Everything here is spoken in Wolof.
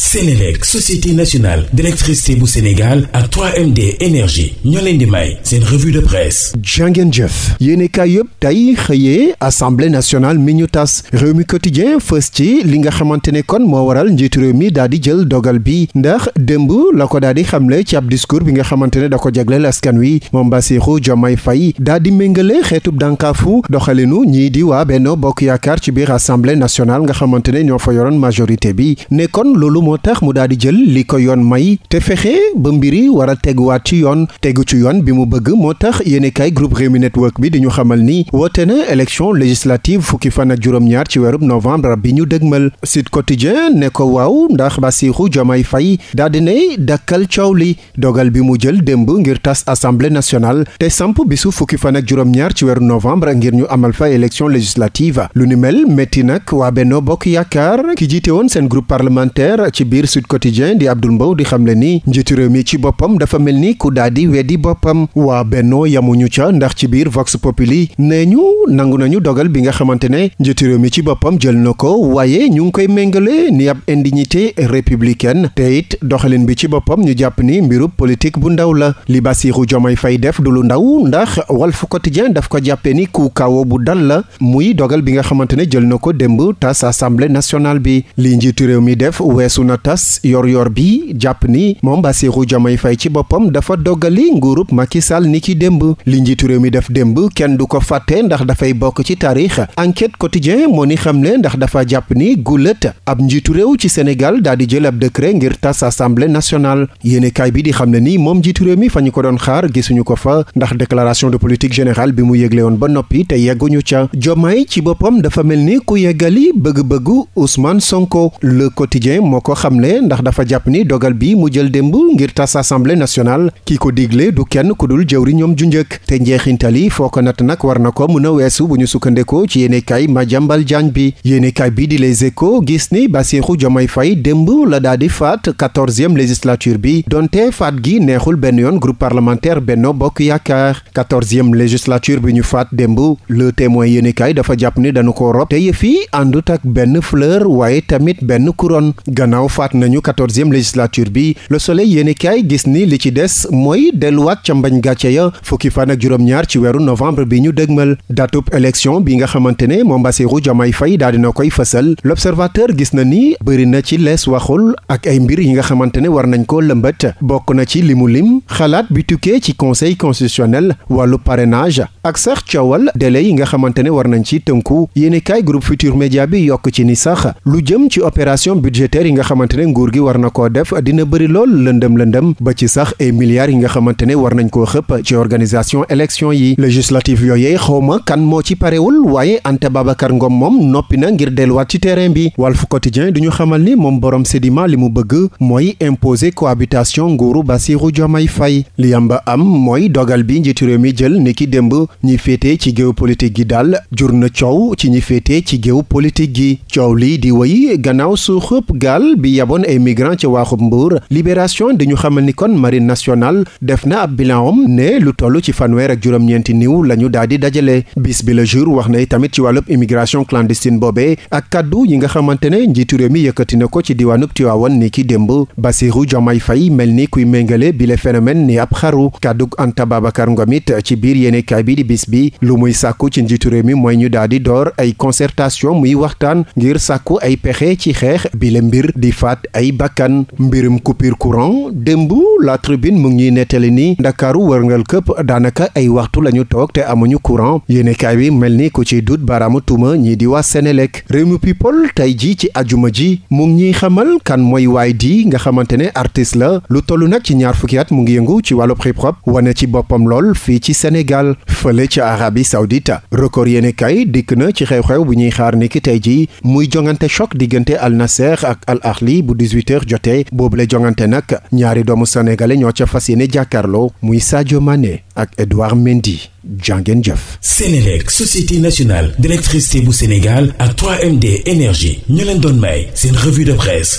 Sénélec société nationale d'électricité bu Sénégal ak 3MD énergie ñoo leen di may seen revue de presse jàngeen jëf yéenekaay yëpp tey xëyee assemblée nationale mi ñu tas réew mi quotidien fës ci li nga xamante ne kon moo waral njiitu réew mi daal di jël dogal bi ndax démb la ko daal di xamle ci ab discours bi nga xamante ne da ko jagleel askan wi moom Bassirou Diomaye Faye daal di méngale xeetub dànkaafu doxalinu ñii di waa Benno Bokk Yaakaar ci biir assemblée nationale nga xamante ne ñoo fa yoroon majorité bi ne kon loolu moo tax mu daal di jël li ko yoon may te fexe ba mbiri war a teguwaat ci yoon tegu ci yoon bi mu bëgg moo tax yéene kaay groupe Rewmi Network bi di ñu xamal ni woote na élection législative fukki fan ak juróom-ñaar ci weeru novembre bi ñu dëgmal Sud Quotidien ne ko waaw ndax Bassirou Diomaye fay daal di ne dakkal coow li dogal bi mu jël démb ngir tas assemblée nationale te samp bisu fukki fan ak juróom-ñaar ci weeru novembre ngir ñu amal fa élection législative ci biir Sud Quotidien di Abdoul mbaw di xamle ni njiitu réew mi ci boppam dafa mel ni ku daal di weddi boppam waa bennoo yamuñu ca ndax ci biir Vox Populi nee ñu nangu nañu dogal bi nga xamante ne njiitu réew mi ci boppam jël na ko waaye ñu ngi koy méngale ni ab indignité républicaine te it doxalin bi ci boppam ñu jàpp ni mbirub politique bu ndaw la li Bassirou Diomaye Faye def du lu ndaw ndax Walf Quotidien daf ko jàppee ni ku kawo bu dal la muy dogal bi nga xamante ne jël na ko démb tas assemblée bi li njiitu mi def na tas yor-yor bi jàpp ni moom Bassirou Diomaye Faye ci boppam dafa doggali nguurub Macky Sall ni ki démb li njiitu réew mi def démb kenn du ko fàtte ndax dafay bokk ci taarix enquête quotidien moo ni xamle ndax dafa jàpp ni gulet ab njiitu réew ci Sénégal daal di jël ab décret ngir tas assemblée nationale yéenekaay bi di xam ne ni moom njiitu réew mi fa ñu ko doon xaar gisuñu ko fa ndax déclaration de politique générale bi mu yëgle woon ba noppi te yegguñu ko ne ndax dafa jàpp ni dogal bi mu jël démb ngir tas assemblée nationale kii ko digle du kenn ku dul jëwri ñoom ju njëkk te njeexintal yi foo ko nat nag war na ko mun a weesu bu ñu sukkandekoo ci ma jàmbal Diagne bi yéenekaay bi di lay Échos gis ni ba Bassirou Diomaye fay démb la daa di faat quatorzième législature bi donte faat gi neexul benn yoon groupe parlementaire Benno Bokk Yaakaar quatorzième législature bi ñu faat démb le témoin yéenekaay dafa jàpp ni dañu ko te yëfi àndut ak benn fleur waaye gannaaw faat nañu quatorzième législature bi le soleil yéeni kaay gis ni li ci des mooy delluwaat ca mbañ gàcce ya fukki fan ak juróom-ñaar ci weeru novembre bi ñu dëgmal datub élection bi nga xamante ne moom Bassirou Diomaye Faye daal dina koy fësal l'observateur gis na ni bëri na ci lees waxul ak ay mbir yi nga xamante ne war nañ ko lëmbët bokk na ci limu lim xalaat bi tukkee ci conseil constitutionnel wàllu parenage ak sax coowal délai yi nga xamante ne war nañ ci tënku yéeni kaay groupe futur média bi yokk ci ni sax lu jëm ci opération budgétaire yi nga xamante ne nguur gi war na koo def dina bëri lool lëndëm lëndëm ba ci sax ay milliards yi nga xamante ne war nañ koo xëpp ci organisation élection yi législative yooyee xawma kan moo ci parewul waaye Anta Babacar ngoom moom noppi na ngir delluwaat ci terrain bi Walf Quotidien du ñu xamal ni moom borom Sedima li mu bëgg mooy imposer cohabitation nguuru Bassirou Diomaye Faye li yamba am mooy dogal bi njiitu réew mi jël ni ki démb ñi féete ci géopolitique gi daal jur na coow ci ñi féete ci géopolitique gi coow lii di woy gannaaw su xëpp gaal bi yaboon ay migrants ci waaxub Mbuur libération di ñu xamal ni kon marine nationale def na ab bilanam ne lu toll ci fanweer ak juróom-ñeenti niw la ñu daal di dajale bis bi la jour wax na tamit ci wàllub immigration clandestine boobee ak kàddu yi nga xamante ne njiitu réew mi yëkkati na ko ci diwaanub Tiwaawan ni ki démb Basiru Jomaay Fay mel ni kuy méngale bila le phénomène ni ab xaru kàddug Anta Babacar ci biir yéene kaay bi di bis bi lu muy sàkku ci njiitu réew mi mooy ñu daal di door ay concertation muy waxtaan ngir sàkku ay pexe ci xeex bi mbir di faat ay bakkan mbirum coupure courant démb la tribune mu ngi ñuy nettali ni ndakaaru wërngal këpp daanaka ay waxtu la ñu toog te amuñu courant yéenekaay bi mel ni ku ci dut baaraamu tuuma ñii di waa Senelec Rewmi pipol tey ji ci ajuma ji mu ñuy xamal kan mooy waay di nga xamante ne artiste la lu toll nag ci ñaar fukki at mu ngi yëngu ci wàllu hip-hop wane ci boppam lool fii ci senegal fële ca Arabie Saoudite record yéenekaay dikk na ci xew-xew bu Barli bu 18h jotee boobu la jongante nag ñaari doomu sénégalais ñoo ca fas yéene jàkkaarloo muy Sadio Mané ak Edouard Mendy jàngeen jëf. Sénélec société nationale d'électricité bu Sénégal ak 3MD énergie ñu leen doon may seen revue de presse.